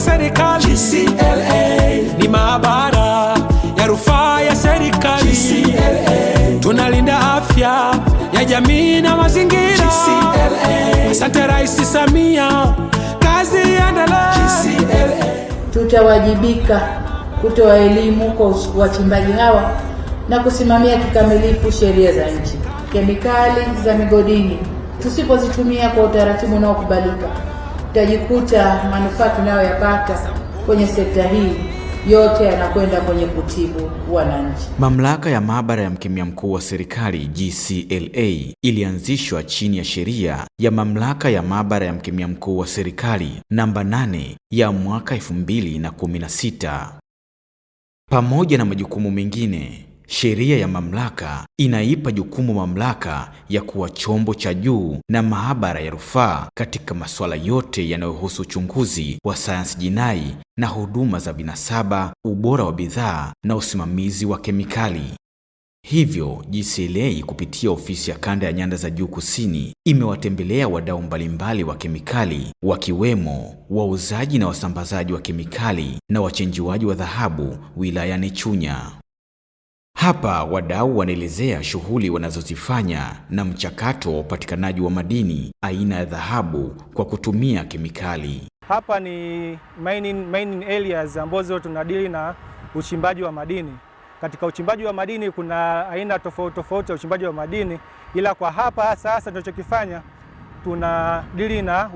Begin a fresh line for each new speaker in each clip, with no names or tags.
serikali
GCLA,
ni maabara ya rufaa ya serikali
GCLA,
tunalinda afya ya jamii na mazingira
GCLA.
Asante Rais Samia, kazi
endelee.
Tutawajibika kutoa elimu kwa wachimbaji hawa na kusimamia kikamilifu sheria za nchi. Kemikali za migodini tusipozitumia kwa utaratibu unaokubalika tutajikuta manufaa tunayoyapata kwenye sekta hii yote yanakwenda kwenye kutibu wananchi.
Mamlaka ya maabara ya mkemia mkuu wa serikali GCLA ilianzishwa chini ya sheria ya mamlaka ya maabara ya mkemia mkuu wa serikali namba 8 ya mwaka 2016 pamoja na majukumu mengine. Sheria ya mamlaka inaipa jukumu mamlaka ya kuwa chombo cha juu na maabara ya rufaa katika masuala yote yanayohusu uchunguzi wa sayansi jinai na huduma za vinasaba, ubora wa bidhaa na usimamizi wa kemikali. Hivyo, GCLA kupitia ofisi ya kanda ya Nyanda za Juu Kusini imewatembelea wadau mbalimbali wa kemikali wakiwemo wauzaji na wasambazaji wa kemikali na wachenjiwaji wa dhahabu wilayani Chunya. Hapa wadau wanaelezea shughuli wanazozifanya na mchakato wa upatikanaji wa madini aina ya dhahabu kwa kutumia kemikali.
Hapa ni mining, mining areas ambazo tunadili na uchimbaji wa madini. Katika uchimbaji wa madini kuna aina tofauti tofauti ya uchimbaji wa madini, ila kwa hapa sasa tunachokifanya tuna dili na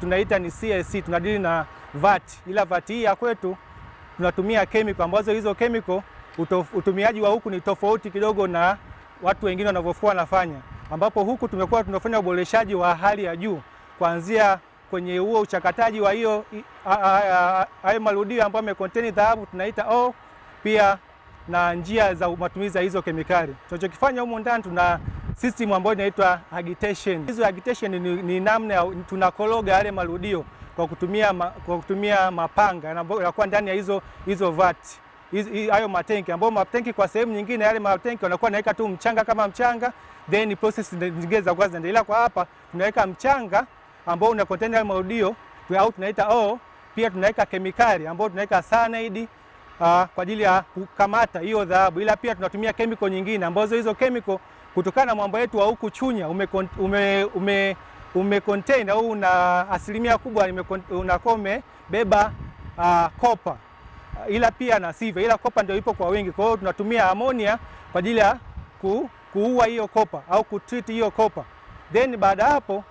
tunaita ni CSC, tunadili na VAT, ila VAT hii ya kwetu tunatumia chemical ambazo hizo chemical utof, utumiaji wa huku ni tofauti kidogo na watu wengine wanavyokuwa wanafanya, ambapo huku tumekuwa tunafanya uboreshaji wa hali ya juu kuanzia kwenye huo uchakataji wa hiyo hayo marudio ambayo yamekonteni dhahabu tunaita o, pia na njia za matumizi ya hizo kemikali. Tunachokifanya humu ndani tuna system ambayo inaitwa agitation. Hizo agitation ni, ni namna tunakologa yale marudio kwa kutumia, ma, kwa kutumia mapanga yanakuwa ndani ya hizo hizo vati hayo matenki, ambayo matenki kwa sehemu nyingine yale matenki wanakuwa naweka tu mchanga kama mchanga, then process nyingine za kwanza zinaendelea. Kwa hapa tunaweka mchanga ambao una contain yale marudio au tunaita o, pia tunaweka kemikali ambayo tunaweka cyanide Uh, kwa ajili ya kukamata hiyo dhahabu, ila pia tunatumia chemical nyingine ambazo hizo chemical kutokana na mwamba wetu wa huku Chunya ume, ume, ume, ume contain au una asilimia kubwa unakuwa umebeba uh, copper Uh, ila pia na silver, ila kopa ndio ipo kwa wingi. Kwa hiyo tunatumia amonia kwa ajili ya ku, kuua hiyo kopa au kutreat hiyo kopa, then baada hapo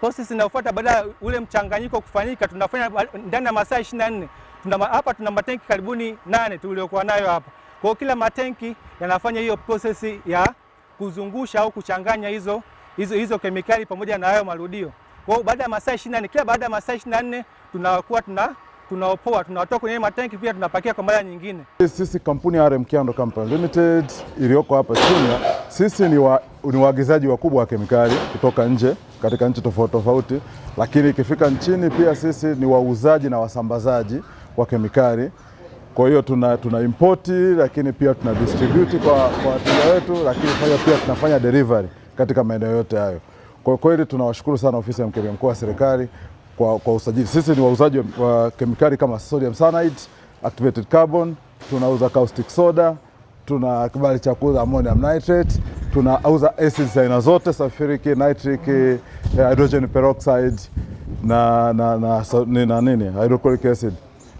process inayofuata baada ya ule mchanganyiko kufanyika, tunafanya ndani ya masaa 24. Tuna hapa tuna matenki karibuni nane tuliokuwa nayo hapa. Kwa kila matenki yanafanya hiyo process ya kuzungusha au kuchanganya hizo hizo, hizo kemikali pamoja na hayo marudio. Kwa baada ya masaa 24, kila baada ya masaa 24 tunakuwa tuna tunaopoa tunatoa kwenye matenki pia tunapakia kwa mara nyingine.
Sisi kampuni ya RM Kiando Company Limited iliyoko hapa Chunya, sisi ni wa, ni waagizaji wakubwa wa kemikali kutoka nje katika nchi tofauti tofauti, lakini ikifika nchini pia sisi ni wauzaji na wasambazaji wa kemikali. Kwa hiyo tuna, tuna import lakini pia tuna distribute kwa wateja wetu, lakini pia tunafanya delivery katika maeneo yote hayo. Kwa kweli tunawashukuru sana ofisi ya mkemia mkuu wa serikali kwa, kwa usajili. Sisi ni wauzaji wa kemikali kama sodium cyanide, activated carbon, tunauza caustic soda, tuna kibali cha kuuza ammonium nitrate, tunauza acids aina zote sulfuric, nitric, eh, hydrogen peroxide na, na, na, na, na nini hydrochloric acid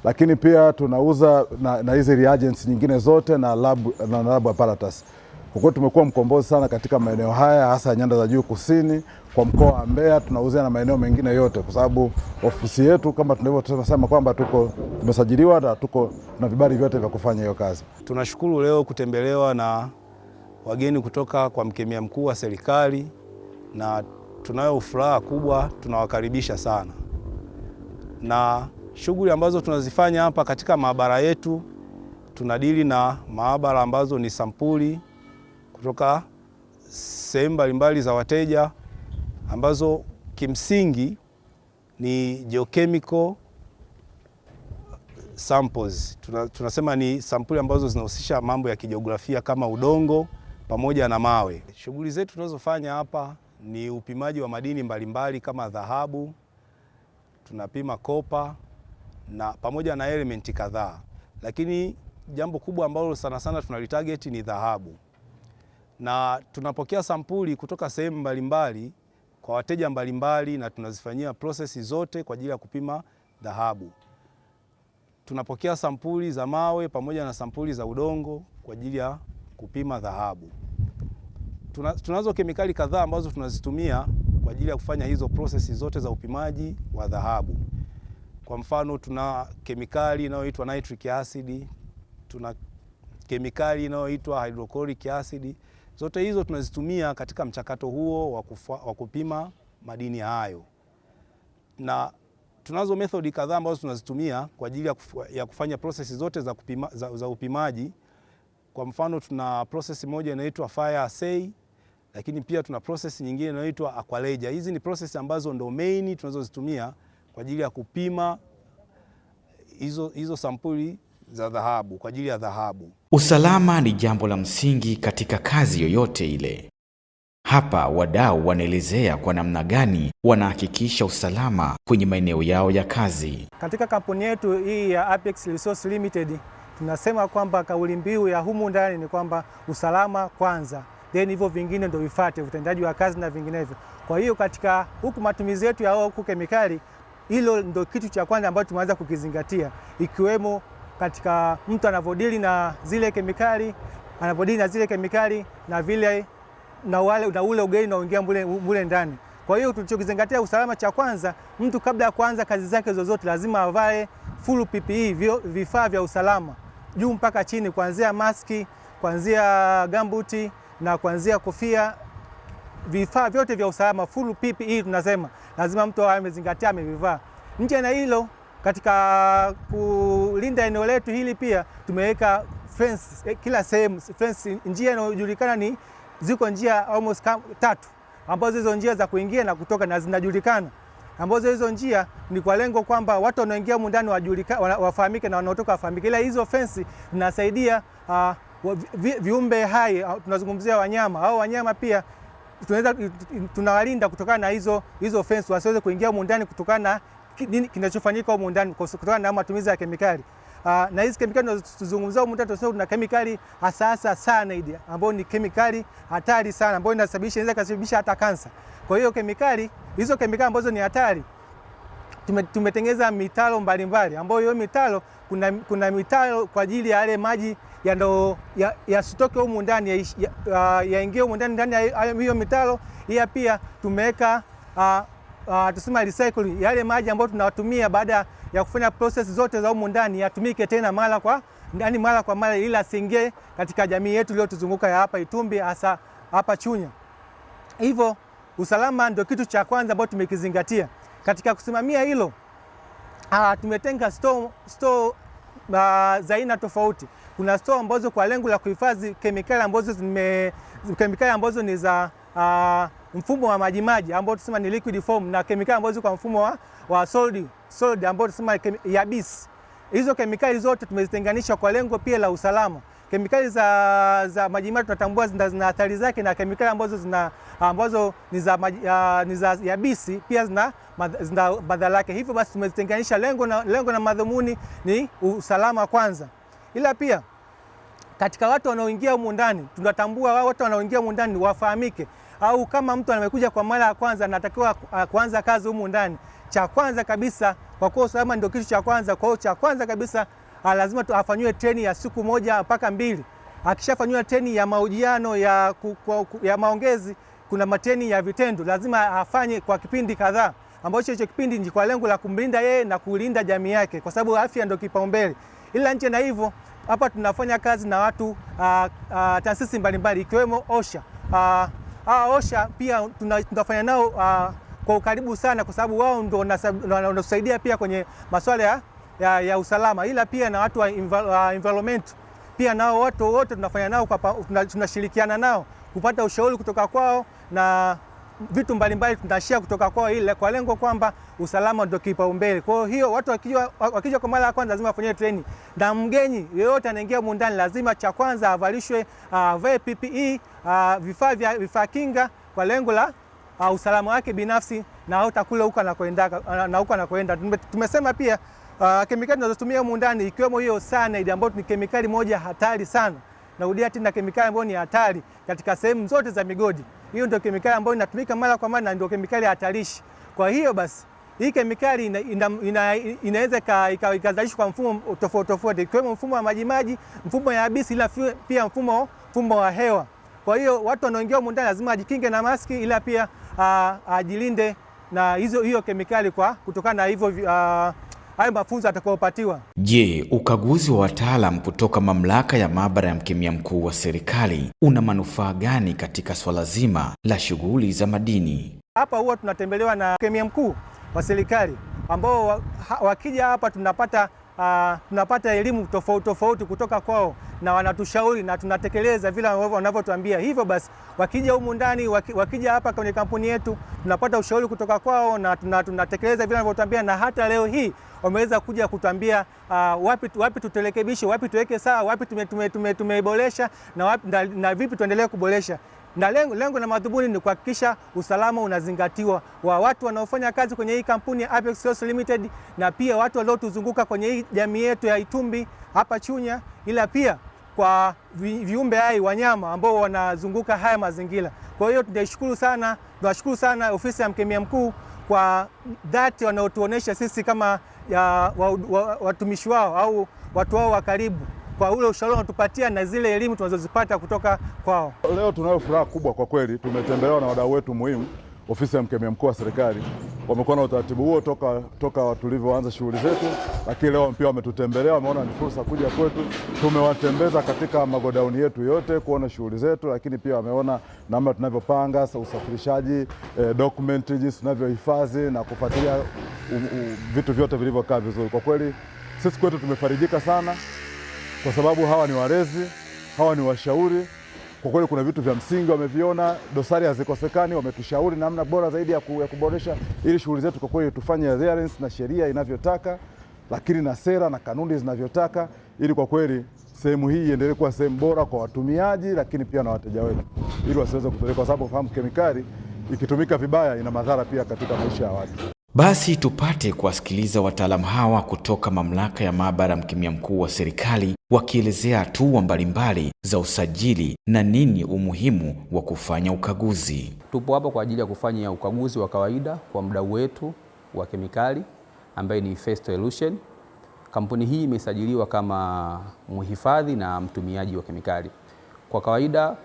lakini pia tunauza na hizi reagents nyingine zote na lab, na lab apparatus. Kwa kweli tumekuwa mkombozi sana katika maeneo haya hasa nyanda za juu kusini kwa mkoa wa Mbeya, tunauzia na maeneo mengine yote, kwa sababu ofisi yetu kama tunavyosema kwamba tuko tumesajiliwa na tuko na vibali vyote vya kufanya hiyo kazi.
Tunashukuru leo kutembelewa na wageni kutoka kwa mkemia mkuu wa serikali, na tunayo furaha kubwa, tunawakaribisha sana na shughuli ambazo tunazifanya hapa katika maabara yetu tunadili na maabara ambazo ni sampuli kutoka sehemu mbalimbali za wateja ambazo kimsingi ni geochemical samples. Tuna, tunasema ni sampuli ambazo zinahusisha mambo ya kijiografia kama udongo pamoja na mawe. Shughuli zetu tunazofanya hapa ni upimaji wa madini mbalimbali kama dhahabu, tunapima kopa na pamoja na elementi kadhaa, lakini jambo kubwa ambalo sana sana tunalitarget ni dhahabu na tunapokea sampuli kutoka sehemu mbalimbali kwa wateja mbalimbali, na tunazifanyia prosesi zote kwa ajili ya kupima dhahabu. Tunapokea sampuli za mawe pamoja na sampuli za udongo kwa ajili ya kupima dhahabu. Tuna, tunazo kemikali kadhaa ambazo tunazitumia kwa ajili ya kufanya hizo prosesi zote za upimaji wa dhahabu. Kwa mfano, tuna kemikali inayoitwa nitric acid, tuna kemikali inayoitwa hydrochloric acid Zote hizo tunazitumia katika mchakato huo wa wa kupima madini hayo, na tunazo methodi kadhaa ambazo tunazitumia kwa ajili ya kufanya prosesi zote za, kupima, za, za upimaji. Kwa mfano tuna prosesi moja inaitwa fire assay, lakini pia tuna prosesi nyingine inaitwa aqualeja. Hizi ni prosesi ambazo ndo main tunazozitumia kwa ajili ya kupima hizo, hizo sampuli za dhahabu kwa ajili ya dhahabu.
Usalama ni jambo la msingi katika kazi yoyote ile. Hapa wadau wanaelezea kwa namna gani wanahakikisha usalama kwenye maeneo yao ya kazi.
Katika kampuni yetu hii ya Apex Resource Limited tunasema kwamba kauli mbiu ya humu ndani ni kwamba usalama kwanza, then hivyo vingine ndio vifuate, utendaji wa kazi na vinginevyo. Kwa hiyo katika huku matumizi yetu ya huku kemikali, hilo ndio kitu cha kwanza ambacho tumeanza kukizingatia, ikiwemo katika mtu anavyodili na zile kemikali anavyodili na zile kemikali na vile na wale na ule ugeni unaoingia mule ndani. Kwa hiyo tulichokizingatia usalama, cha kwanza, mtu kabla ya kuanza kazi zake zozote lazima avae full PPE, vifaa vya usalama juu mpaka chini, kuanzia maski, kuanzia gambuti na kuanzia kofia, vifaa vyote vya usalama full PPE tunasema lazima mtu awe amezingatia, amevivaa. Nje na hilo katika kulinda eneo letu hili pia tumeweka fence eh, kila sehemu fence, njia inayojulikana ni ziko njia almost tatu ambazo hizo njia za kuingia na kutoka na zinajulikana, ambazo hizo njia ni kwa lengo kwamba watu wanaoingia humu ndani wafahamike na wanaotoka wafahamike, ila hizo fence zinasaidia uh, vi, viumbe hai ah, tunazungumzia wanyama au wanyama pia tunaweza tunawalinda kutokana na hizo hizo fence wasiweze kuingia humu ndani kutokana na nini kinachofanyika huko ndani kutokana na matumizi ya kemikali. Uh, na hizi kemikali tunazozungumzia huko ndani tunasema kuna kemikali hasa hasa cyanide ambayo ni kemikali hatari sana ambayo inasababisha inaweza kusababisha hata kansa. Kwa hiyo kemikali hizo kemikali ambazo ni hatari tumetengeza mitaro mbalimbali ambayo hiyo mitaro kuna, kuna mitaro kwa ajili ya yale maji yasitoke ya, ya humu ndani yaingie ya, ya humu ndani ndani ya hiyo mitaro. Hiya pia tumeweka uh, ah, uh, ah, tusema recycling, yale maji ambayo tunatumia baada ya kufanya process zote za humu ndani yatumike tena mara kwa ndani mara kwa mara, ili asingie katika jamii yetu iliyotuzunguka ya hapa Itumbi, hasa hapa Chunya. Hivyo usalama ndio kitu cha kwanza ambacho tumekizingatia katika kusimamia hilo. Uh, tumetenga store, store uh, za aina tofauti. Kuna store ambazo kwa lengo la kuhifadhi kemikali ambazo, zime kemikali ambazo ni za uh, mfumo wa majimaji ambao tunasema ni liquid form na kemikali ambazo kwa mfumo wa, wa solid, solid ambao tunasema yabisi. Hizo kemikali zote tumezitenganisha kwa lengo pia la usalama. Kemikali za, za majimaji tunatambua zina athari zake, na kemikali ambazo zina ambazo ni za uh, ni za yabisi pia zina zina badala yake. Hivyo basi tumezitenganisha, lengo na, lengo na madhumuni ni usalama kwanza, ila pia katika watu wanaoingia humu ndani tunatambua wao watu wanaoingia humu ndani wafahamike au kama mtu amekuja kwa mara ya kwanza anatakiwa ah, kuanza kazi humu ndani, cha kwanza kabisa, kwa kuwa usalama ndio kitu cha kwanza. Kwa hiyo cha kwanza kabisa ah, lazima afanyiwe treni ya siku moja mpaka mbili. Akishafanyiwa treni ya mahojiano ya, ya maongezi, kuna mateni ya vitendo, lazima afanye kwa kipindi kadhaa ambacho hicho kipindi ni kwa lengo la kumlinda yeye na kulinda jamii yake, kwa sababu afya ndio kipaumbele. Ila nje na hivyo, hapa tunafanya kazi na watu ah, taasisi mbalimbali ikiwemo OSHA hawa OSHA pia tunafanya nao uh, kwa ukaribu sana, kwa sababu wao ndio wanatusaidia pia kwenye masuala ya, ya, ya usalama, ila pia na watu wa ah, environment pia nao watu wote tunafanya nao, tunashirikiana nao kupata ushauri kutoka kwao na vitu mbalimbali tunashia kutoka kwao ile kwa lengo kwamba usalama ndio kipaumbele. Kwa hiyo watu wakija wakija kwa mara ya kwanza lazima afanyie training, na mgeni yeyote anaingia mundani lazima cha kwanza avalishwe ah, avae PPE ah, vifaa vya vifaa kinga kwa lengo la uh, usalama wake binafsi na hata kule huko anakoenda na huko anakoenda. Tumesema pia uh, kemikali tunazotumia mundani ikiwemo hiyo cyanide ambayo ni kemikali moja hatari sana. Narudia tena, kemikali ambayo ni hatari katika sehemu zote za migodi hiyo ndio kemikali ambayo inatumika mara kwa mara na ndio kemikali hatarishi. Kwa hiyo basi hii kemikali inaweza ina, ina, ina ikazalishwa kwa mfumo tofauti tofauti ikiwemo mfumo wa majimaji, mfumo ya abisi, ila pia mfumo, mfumo wa hewa. Kwa hiyo watu wanaoingia humu ndani lazima ajikinge na maski, ila pia ajilinde na hizo hiyo kemikali kwa kutokana na hivyo hayo mafunzo atakayopatiwa.
Je, ukaguzi wa wataalam kutoka mamlaka ya maabara ya mkemia mkuu wa serikali una manufaa gani katika swala zima la shughuli za madini?
Hapa huwa tunatembelewa na mkemia mkuu wa serikali ambao wakija hapa tunapata uh, tunapata elimu tofauti tofauti kutoka kwao na wanatushauri na tunatekeleza vile wanavyotuambia. Hivyo basi wakija humu ndani, wakija hapa kwenye kampuni yetu, tunapata ushauri kutoka kwao na tunatekeleza vile wanavyotuambia, na hata leo hii wameweza kuja kutuambia uh, wapi, wapi tutelekebishe, wapi tuweke sawa, wapi tumeboresha tume, tume, tume na, na, na vipi tuendelee kuboresha na lengo, lengo na madhumuni ni kuhakikisha usalama unazingatiwa wa watu wanaofanya kazi kwenye hii kampuni ya Apex Source Limited na pia watu waliotuzunguka kwenye hii jamii yetu ya Itumbi hapa Chunya, ila pia kwa viumbe hai wanyama ambao wanazunguka haya mazingira. Kwa hiyo tunashukuru sana, tunashukuru sana ofisi ya mkemia mkuu kwa dhati wanaotuonesha sisi kama ya, wa, wa, watumishi wao au watu wao wa karibu kwa ule ushauri wanatupatia na zile elimu tunazozipata kutoka kwao.
Leo tunayo furaha kubwa kwa kweli, tumetembelewa na wadau wetu muhimu, ofisi ya mkemia mkuu wa serikali. Wamekuwa na utaratibu huo toka, toka tulivyoanza shughuli zetu, lakini leo pia wametutembelea, wameona ni fursa kuja kwetu. Tumewatembeza katika magodauni yetu yote kuona shughuli zetu, lakini pia wameona namna tunavyopanga usafirishaji eh, dokumenti, jinsi tunavyohifadhi na kufuatilia vitu vyote vilivyokaa vizuri. Kwa kweli sisi kwetu tumefarijika sana kwa sababu hawa ni walezi, hawa ni washauri. Kwa kweli kuna vitu vya msingi wameviona, dosari hazikosekani, wametushauri namna bora zaidi ya, ku, ya kuboresha ili shughuli zetu kwa kweli tufanye adherence na sheria inavyotaka, lakini na sera na kanuni zinavyotaka, ili kwa kweli sehemu hii iendelee kuwa sehemu bora kwa watumiaji, lakini pia na wateja wetu, ili wasiweze kupeleka, kwa sababu fahamu, kemikali ikitumika vibaya ina madhara pia katika maisha ya watu.
Basi tupate kuwasikiliza wataalamu hawa kutoka Mamlaka ya Maabara mkimia Mkemia Mkuu wa Serikali wakielezea hatua mbalimbali za usajili na nini umuhimu wa kufanya ukaguzi.
Tupo hapa kwa ajili ya kufanya ukaguzi wa kawaida kwa mdau wetu wa kemikali ambaye ni First Solution. Kampuni hii imesajiliwa kama mhifadhi na mtumiaji wa kemikali. Kwa kawaida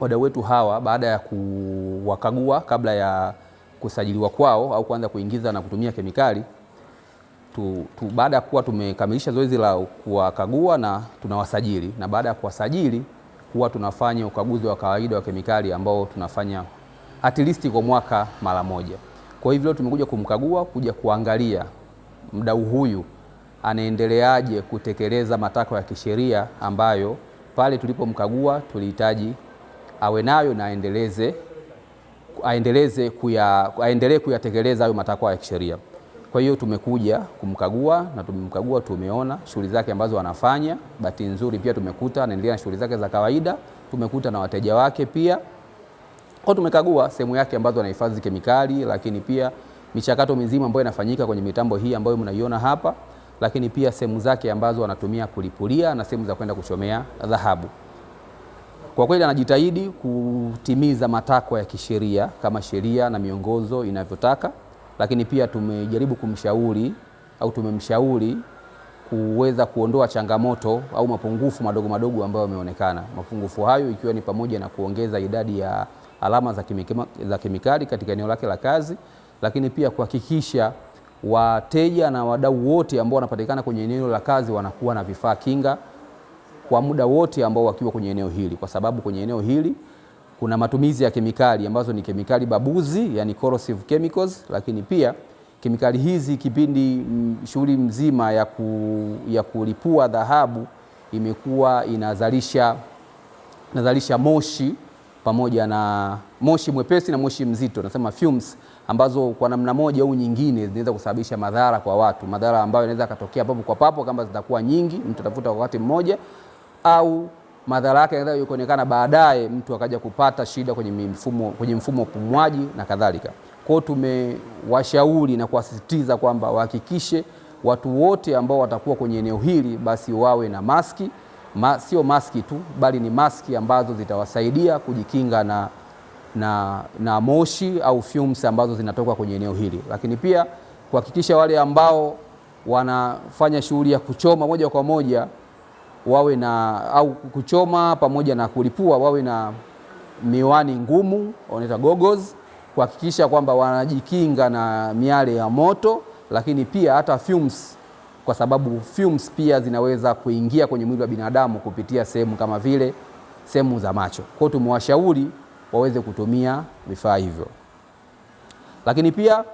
wadau wetu hawa baada ya kuwakagua kabla ya kusajiliwa kwao au kuanza kuingiza na kutumia kemikali tu, tu, baada ya kuwa tumekamilisha zoezi la kuwakagua na tunawasajili, na baada ya kuwasajili huwa tunafanya ukaguzi wa kawaida wa kemikali ambao tunafanya at least kwa mwaka mara moja. Kwa hivyo leo tumekuja kumkagua, kuja kuangalia mdau huyu anaendeleaje kutekeleza matakwa ya kisheria ambayo pale tulipomkagua tulihitaji awe nayo na aendeleze aendelee kuyatekeleza hayo matakwa ya kisheria. Kwa hiyo tumekuja kumkagua na tumemkagua, tumeona shughuli zake ambazo anafanya. Bahati nzuri pia tumekuta anaendelea na shughuli zake za kawaida, tumekuta na wateja wake pia kwa tumekagua sehemu yake ambazo anahifadhi kemikali, lakini pia michakato mizima ambayo inafanyika kwenye mitambo hii ambayo mnaiona hapa, lakini pia sehemu zake ambazo anatumia kulipulia na sehemu za kwenda kuchomea dhahabu. Kwa kweli anajitahidi kutimiza matakwa ya kisheria kama sheria na miongozo inavyotaka lakini pia tumejaribu kumshauri au tumemshauri kuweza kuondoa changamoto au mapungufu madogo madogo ambayo yameonekana. Mapungufu hayo ikiwa ni pamoja na kuongeza idadi ya alama za, kimikema, za kemikali katika eneo lake la kazi, lakini pia kuhakikisha wateja na wadau wote ambao wanapatikana kwenye eneo la kazi wanakuwa na vifaa kinga kwa muda wote ambao wakiwa kwenye eneo hili, kwa sababu kwenye eneo hili kuna matumizi ya kemikali ambazo ni kemikali babuzi, yani corrosive chemicals, lakini pia kemikali hizi kipindi mm, shughuli mzima ya, ku, ya kulipua dhahabu imekuwa inazalisha, inazalisha moshi pamoja na moshi mwepesi na moshi mzito, nasema fumes, ambazo kwa namna moja au nyingine zinaweza kusababisha madhara kwa watu, madhara ambayo yanaweza katokea papo kwa papo kama zitakuwa nyingi, mtu atafuta kwa wakati mmoja au madhara yake yanaweza kuonekana baadaye, mtu akaja kupata shida kwenye mfumo kwenye mfumo wa upumuaji na kadhalika. hiyo tumewashauri na kuwasisitiza kwamba wahakikishe watu wote ambao watakuwa kwenye eneo hili basi wawe na maski ma, sio maski tu bali ni maski ambazo zitawasaidia kujikinga na, na, na moshi au fumes ambazo zinatoka kwenye eneo hili, lakini pia kuhakikisha wale ambao wanafanya shughuli ya kuchoma moja kwa moja wawe na au kuchoma pamoja na kulipua wawe na miwani ngumu, wanaita goggles, kuhakikisha kwamba wanajikinga na miale ya moto, lakini pia hata fumes, kwa sababu fumes pia zinaweza kuingia kwenye mwili wa binadamu kupitia sehemu kama vile sehemu za macho. Kwa hiyo tumewashauri waweze kutumia vifaa hivyo, lakini pia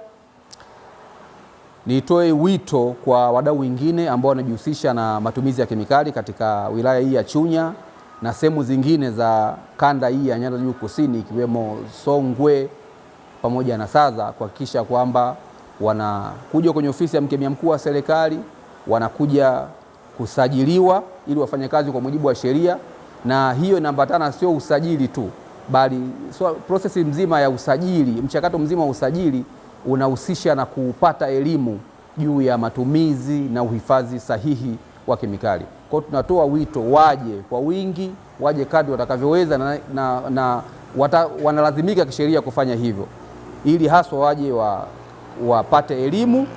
Nitoe wito kwa wadau wengine ambao wanajihusisha na matumizi ya kemikali katika wilaya hii ya Chunya na sehemu zingine za kanda hii ya Nyanda Juu Kusini ikiwemo Songwe pamoja na Saza kuhakikisha kwamba wanakuja kwenye ofisi ya mkemia mkuu wa serikali, wanakuja kusajiliwa ili wafanye kazi kwa mujibu wa sheria, na hiyo inaambatana sio usajili tu, bali so, prosesi mzima ya usajili, mchakato mzima wa usajili unahusisha na kupata elimu juu ya matumizi na uhifadhi sahihi wa kemikali. Kwa hiyo tunatoa wito waje kwa wingi, waje kadri watakavyoweza na, na, na wata, wanalazimika kisheria kufanya hivyo ili haswa waje wa, wapate elimu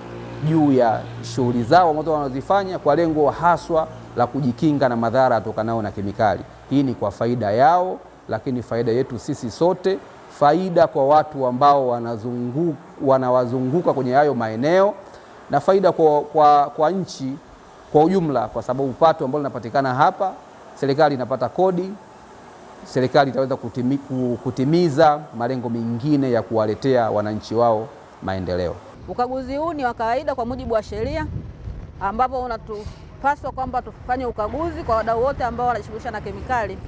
juu ya shughuli zao ambazo wanazifanya kwa lengo haswa la kujikinga na madhara yatokanayo na kemikali. Hii ni kwa faida yao, lakini faida yetu sisi sote faida kwa watu ambao wanazungu, wanawazunguka kwenye hayo maeneo na faida kwa, kwa, kwa nchi kwa ujumla, kwa sababu pato ambalo linapatikana hapa, serikali inapata kodi, serikali itaweza kutimi, kutimiza malengo mengine ya kuwaletea wananchi wao maendeleo.
Ukaguzi huu ni wa kawaida kwa mujibu wa sheria, ambapo unatupaswa kwamba tufanye ukaguzi kwa wadau wote ambao wanajishughulisha na kemikali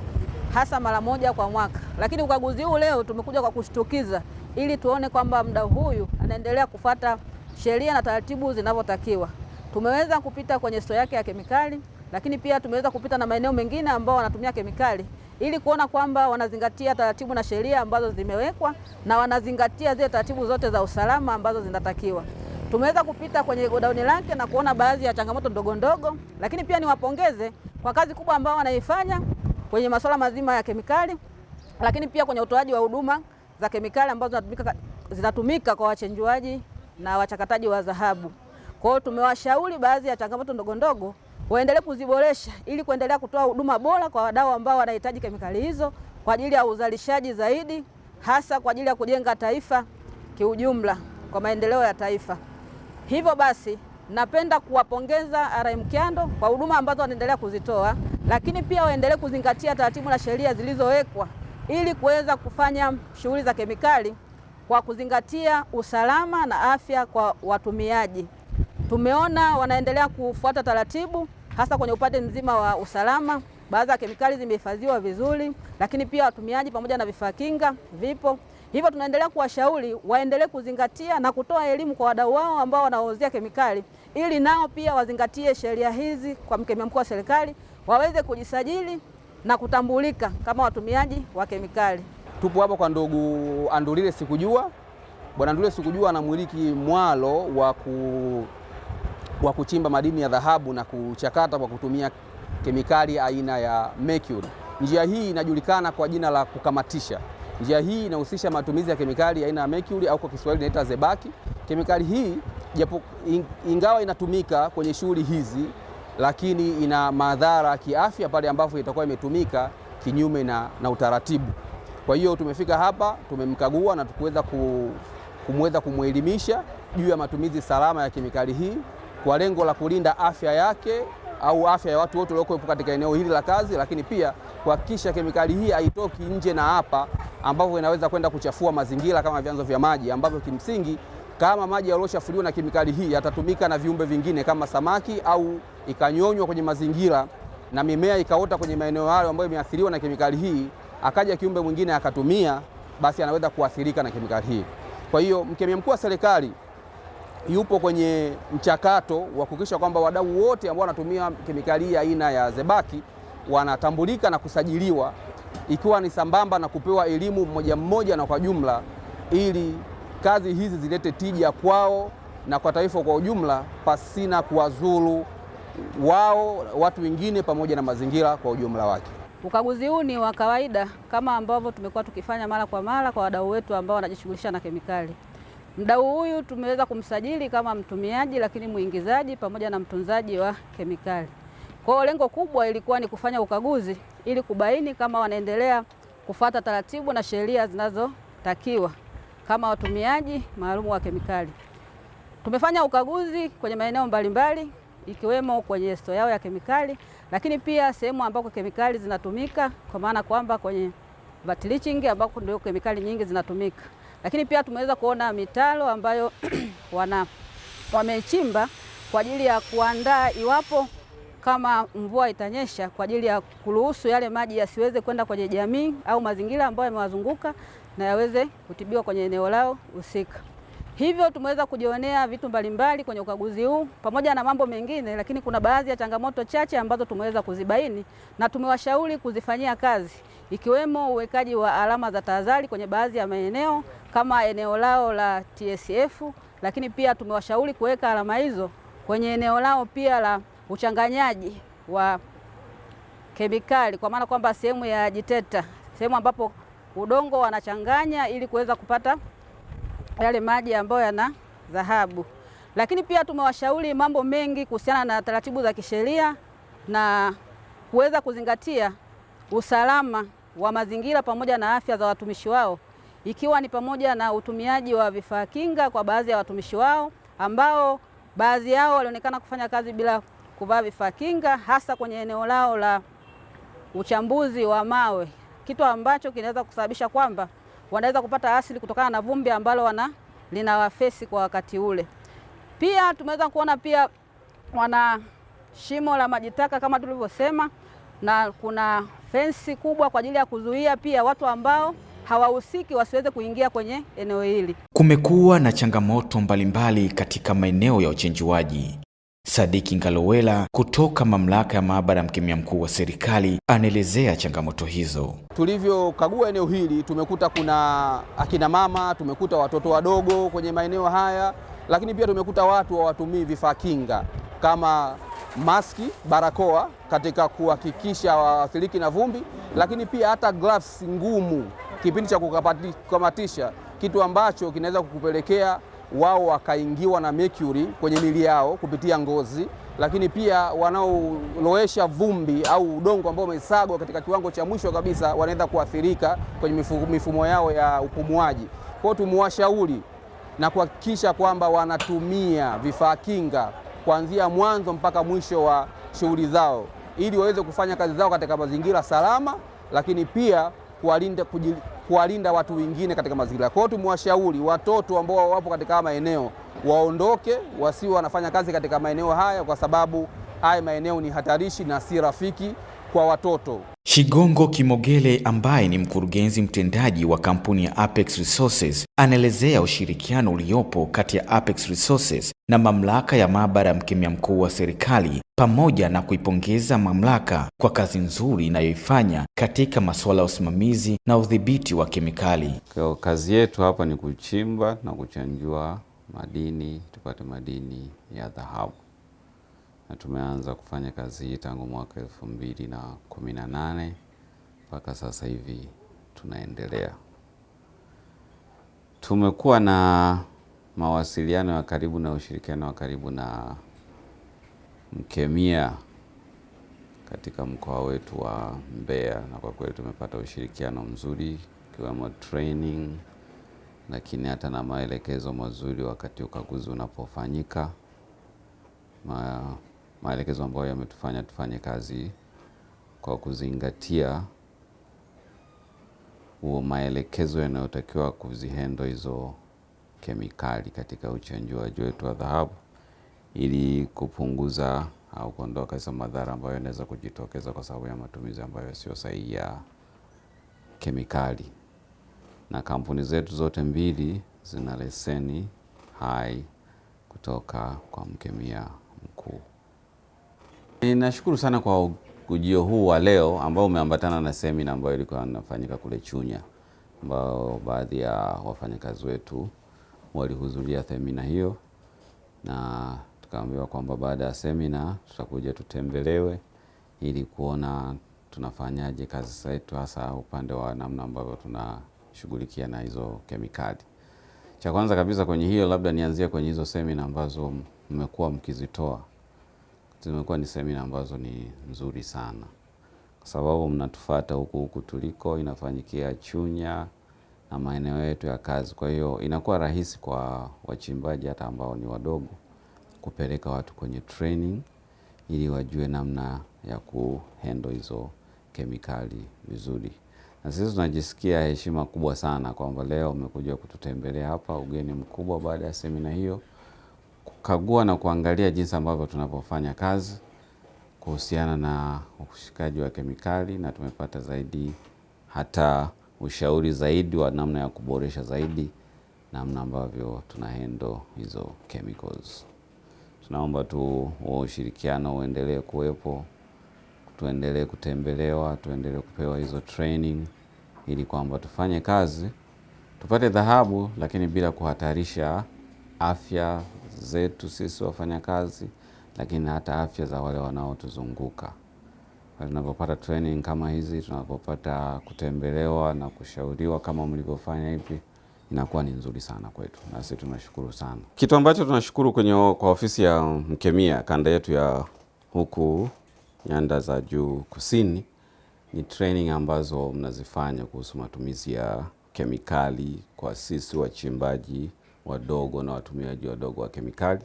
hasa mara moja kwa mwaka, lakini ukaguzi huu leo tumekuja kwa kushtukiza ili tuone kwamba mdau huyu anaendelea kufata sheria na taratibu zinavyotakiwa. Tumeweza kupita kwenye sto yake ya kemikali, lakini pia tumeweza kupita na maeneo mengine ambao wanatumia kemikali ili kuona kwamba wanazingatia taratibu na sheria ambazo zimewekwa na wanazingatia zile taratibu zote za usalama ambazo zinatakiwa. Tumeweza kupita kwenye godauni lake na kuona baadhi ya changamoto ndogo ndogo, lakini pia niwapongeze kwa kazi kubwa ambao wanaifanya kwenye masuala mazima ya kemikali, lakini pia kwenye utoaji wa huduma za kemikali ambazo zinatumika, zinatumika kwa wachenjuaji na wachakataji wa dhahabu. Kwa hiyo tumewashauri baadhi ya changamoto ndogondogo waendelee kuziboresha ili kuendelea kutoa huduma bora kwa wadau ambao wanahitaji kemikali hizo kwa ajili ya uzalishaji zaidi, hasa kwa ajili ya kujenga taifa kiujumla, kwa maendeleo ya taifa. Hivyo basi Napenda kuwapongeza RM Kyando kwa huduma ambazo wanaendelea kuzitoa, lakini pia waendelee kuzingatia taratibu na sheria zilizowekwa ili kuweza kufanya shughuli za kemikali kwa kuzingatia usalama na afya kwa watumiaji. Tumeona wanaendelea kufuata taratibu hasa kwenye upande mzima wa usalama. Baadhi ya kemikali zimehifadhiwa vizuri, lakini pia watumiaji pamoja na vifaa kinga vipo. Hivyo tunaendelea kuwashauri waendelee kuzingatia na kutoa elimu kwa wadau wao ambao wanaozia kemikali ili nao pia wazingatie sheria hizi kwa mkemia mkuu wa serikali waweze kujisajili na kutambulika kama watumiaji wa kemikali.
Tupo hapo kwa ndugu Andulile Sikujua. Bwana Andulile Sikujua anamiliki mwalo wa ku wa kuchimba madini ya dhahabu na kuchakata kwa kutumia kemikali aina ya mercury. Njia hii inajulikana kwa jina la kukamatisha. Njia hii inahusisha matumizi ya kemikali aina ya mercury au kwa Kiswahili inaita zebaki. Kemikali hii japo ingawa inatumika kwenye shughuli hizi, lakini ina madhara kiafya pale ambapo itakuwa imetumika kinyume na, na utaratibu. Kwa hiyo tumefika hapa, tumemkagua na tukuweza kumweza kumwelimisha juu ya matumizi salama ya kemikali hii kwa lengo la kulinda afya yake au afya ya watu wote walioko katika eneo hili la kazi, lakini pia kuhakikisha kemikali hii haitoki nje na hapa, ambapo inaweza kwenda kuchafua mazingira kama vyanzo vya maji ambavyo kimsingi kama maji yaliyochafuliwa na kemikali hii yatatumika na viumbe vingine kama samaki au ikanyonywa kwenye mazingira na mimea ikaota kwenye maeneo hayo ambayo imeathiriwa na kemikali hii, akaja kiumbe mwingine akatumia, basi anaweza kuathirika na kemikali hii. Kwa hiyo mkemia mkuu wa serikali yupo kwenye mchakato wa kuhakikisha kwamba wadau wote ambao wanatumia kemikali hii aina ya zebaki wanatambulika na kusajiliwa, ikiwa ni sambamba na kupewa elimu mmoja mmoja na kwa jumla, ili kazi hizi zilete tija kwao na kwa taifa kwa ujumla, pasina kuwazuru wao, watu wengine, pamoja na mazingira kwa ujumla wake.
Ukaguzi huu ni wa kawaida kama ambavyo tumekuwa tukifanya mara kwa mara kwa wadau wetu ambao wanajishughulisha na kemikali. Mdau huyu tumeweza kumsajili kama mtumiaji, lakini mwingizaji pamoja na mtunzaji wa kemikali. Kwa hiyo lengo kubwa ilikuwa ni kufanya ukaguzi ili kubaini kama wanaendelea kufata taratibu na sheria zinazotakiwa kama watumiaji maalumu wa kemikali. Tumefanya ukaguzi kwenye maeneo mbalimbali ikiwemo kwenye store yao ya kemikali, lakini pia sehemu ambako kemikali zinatumika, kwa maana kwamba kwenye vatlichingi ambako ndio kemikali nyingi zinatumika. Lakini pia tumeweza kuona mitaro ambayo wana wamechimba kwa ajili ya kuandaa iwapo kama mvua itanyesha, kwa ajili ya kuruhusu yale maji yasiweze kwenda kwenye jamii au mazingira ambayo yamewazunguka na yaweze kutibiwa kwenye eneo lao husika. Hivyo tumeweza kujionea vitu mbalimbali kwenye ukaguzi huu pamoja na mambo mengine, lakini kuna baadhi ya changamoto chache ambazo tumeweza kuzibaini na tumewashauri kuzifanyia kazi ikiwemo uwekaji wa alama za tahadhari kwenye baadhi ya maeneo kama eneo lao la TSF, lakini pia tumewashauri kuweka alama hizo kwenye eneo lao pia la uchanganyaji wa kemikali, kwa maana kwamba sehemu ya jiteta, sehemu ambapo udongo wanachanganya ili kuweza kupata yale maji ambayo yana dhahabu. Lakini pia tumewashauri mambo mengi kuhusiana na taratibu za kisheria na kuweza kuzingatia usalama wa mazingira pamoja na afya za watumishi wao ikiwa ni pamoja na utumiaji wa vifaa kinga kwa baadhi ya watumishi wao ambao baadhi yao walionekana kufanya kazi bila kuvaa vifaa kinga hasa kwenye eneo lao la uchambuzi wa mawe, kitu ambacho kinaweza kusababisha kwamba wanaweza kupata asili kutokana na vumbi ambalo wana linawafesi kwa wakati ule. Pia tumeweza kuona pia wana shimo la majitaka kama tulivyosema, na kuna fensi kubwa kwa ajili ya kuzuia pia watu ambao hawahusiki wasiweze kuingia kwenye eneo hili.
Kumekuwa na changamoto mbalimbali katika maeneo ya uchenjuaji. Sadiki Ngalowela kutoka Mamlaka ya Maabara ya Mkemia Mkuu wa Serikali anaelezea changamoto hizo.
Tulivyokagua eneo hili, tumekuta kuna akina mama, tumekuta watoto wadogo kwenye maeneo haya, lakini pia tumekuta watu hawatumii vifaa kinga kama maski, barakoa katika kuhakikisha waathiriki na vumbi, lakini pia hata gloves ngumu kipindi cha kukamatisha, kitu ambacho kinaweza kukupelekea wao wakaingiwa na mercury kwenye mili yao kupitia ngozi, lakini pia wanaolowesha vumbi au udongo ambao umesagwa katika kiwango cha mwisho kabisa, wanaweza kuathirika kwenye mifumo yao ya upumuaji. Kwa hiyo tumewashauri na kuhakikisha kwamba wanatumia vifaa kinga kuanzia mwanzo mpaka mwisho wa shughuli zao ili waweze kufanya kazi zao katika mazingira salama, lakini pia kuwalinda, kuwalinda watu wengine katika mazingira. Kwa hiyo tumewashauri watoto ambao wapo katika maeneo waondoke, wasiwe wanafanya kazi katika maeneo haya, kwa sababu haya maeneo ni hatarishi na si rafiki kwa watoto.
Shigongo Kimogele ambaye ni mkurugenzi mtendaji wa kampuni ya Apex Resources anaelezea ushirikiano uliopo kati ya Apex Resources na mamlaka ya maabara ya mkemia mkuu wa serikali pamoja na kuipongeza mamlaka kwa kazi nzuri inayoifanya katika masuala ya usimamizi na udhibiti wa kemikali.
Kwa kazi yetu hapa ni kuchimba na kuchanjua madini tupate madini ya dhahabu na tumeanza kufanya kazi hii tangu mwaka elfu mbili na kumi na nane mpaka sasa hivi tunaendelea. Tumekuwa na mawasiliano ya karibu na ushirikiano wa karibu na Mkemia katika mkoa wetu wa Mbeya, na kwa kweli tumepata ushirikiano mzuri ikiwemo training, lakini hata na maelekezo mazuri wakati ukaguzi unapofanyika maelekezo ambayo yametufanya tufanye kazi kwa kuzingatia huo maelekezo yanayotakiwa kuzihendo hizo kemikali katika uchenjuaji wetu wa dhahabu ili kupunguza au kuondoa kabisa madhara ambayo yanaweza kujitokeza kwa sababu ya matumizi ambayo sio sahihi ya kemikali. Na kampuni zetu zote mbili zina leseni hai kutoka kwa mkemia. Ninashukuru sana kwa ujio huu wa leo ambao umeambatana na semina ambayo ilikuwa inafanyika kule Chunya, ambao baadhi ya wafanyakazi wetu walihudhuria semina hiyo, na tukaambiwa kwamba baada ya semina tutakuja tutembelewe ili kuona tunafanyaje kazi zetu, hasa upande wa namna ambavyo tunashughulikia na hizo kemikali. Cha kwanza kabisa kwenye hiyo, labda nianzie kwenye hizo semina ambazo mmekuwa mkizitoa zimekuwa ni semina ambazo ni nzuri sana, kwa sababu mnatufata huku huku tuliko, inafanyikia Chunya na maeneo yetu ya kazi. Kwa hiyo inakuwa rahisi kwa wachimbaji hata ambao ni wadogo kupeleka watu kwenye training ili wajue namna ya kuhendo hizo kemikali vizuri. Na sisi tunajisikia heshima kubwa sana kwamba leo umekuja kututembelea hapa, ugeni mkubwa baada ya semina hiyo kukagua na kuangalia jinsi ambavyo tunavyofanya kazi kuhusiana na ushikaji wa kemikali, na tumepata zaidi hata ushauri zaidi wa namna ya kuboresha zaidi namna ambavyo tuna handle hizo chemicals. Tunaomba tu huo ushirikiano uendelee kuwepo, tuendelee kutembelewa, tuendelee kupewa hizo training ili kwamba tufanye kazi tupate dhahabu, lakini bila kuhatarisha afya zetu sisi wafanyakazi, lakini hata afya za wale wanaotuzunguka. Tunapopata training kama hizi, tunapopata kutembelewa na kushauriwa kama mlivyofanya hivi, inakuwa ni nzuri sana kwetu, nasi tunashukuru sana. Kitu ambacho tunashukuru kwenye kwa ofisi ya Mkemia kanda yetu ya huku nyanda za juu kusini ni training ambazo mnazifanya kuhusu matumizi ya kemikali kwa sisi wachimbaji wadogo na watumiaji wadogo wa kemikali.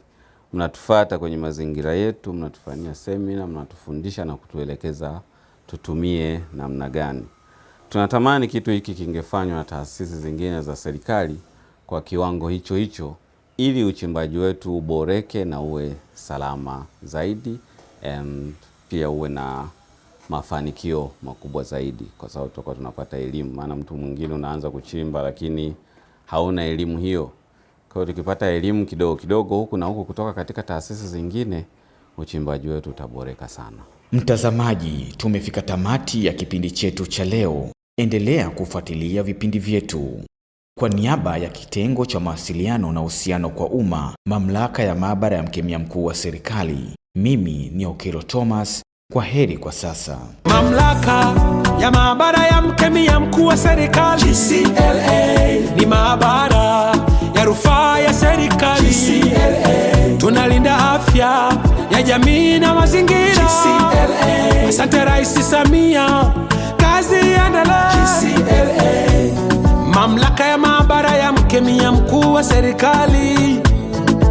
Mnatufata kwenye mazingira yetu, mnatufanyia semina, mnatufundisha na kutuelekeza tutumie namna gani. Tunatamani kitu hiki kingefanywa na taasisi zingine za serikali kwa kiwango hicho hicho, ili uchimbaji wetu uboreke na uwe salama zaidi and pia uwe na mafanikio makubwa zaidi, kwa sababu tutakuwa tunapata elimu. Maana mtu mwingine unaanza kuchimba, lakini hauna elimu hiyo. Kwa hiyo tukipata elimu kidogo kidogo huku na huku kutoka katika taasisi zingine, uchimbaji wetu utaboreka sana.
Mtazamaji, tumefika tamati ya kipindi chetu cha leo. Endelea kufuatilia vipindi vyetu. Kwa niaba ya kitengo cha mawasiliano na uhusiano kwa umma, mamlaka ya maabara ya mkemia mkuu wa serikali, mimi ni Okelo Thomas. Kwa heri kwa sasa.
Mamlaka ya maabara ya mkemia mkuu wa serikali,
GCLA,
ni maabara ya rufaa ya jamii na mazingira. Asante Rais Samia, kazi
iendelee.
Mamlaka ya maabara ya mkemia mkuu wa serikali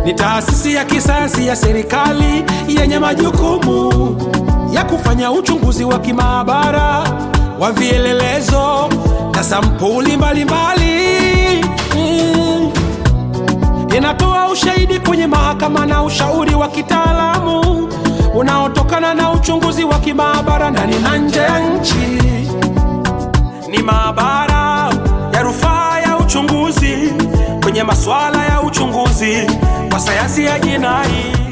ni taasisi ya kisayansi ya serikali yenye majukumu ya kufanya uchunguzi wa kimaabara wa vielelezo na sampuli mbalimbali. Ninatoa ushahidi kwenye mahakama na ushauri wa kitaalamu unaotokana na uchunguzi wa kimaabara ndani na nje ya nchi. Ni maabara ya rufaa ya uchunguzi kwenye masuala ya uchunguzi kwa sayansi ya jinai.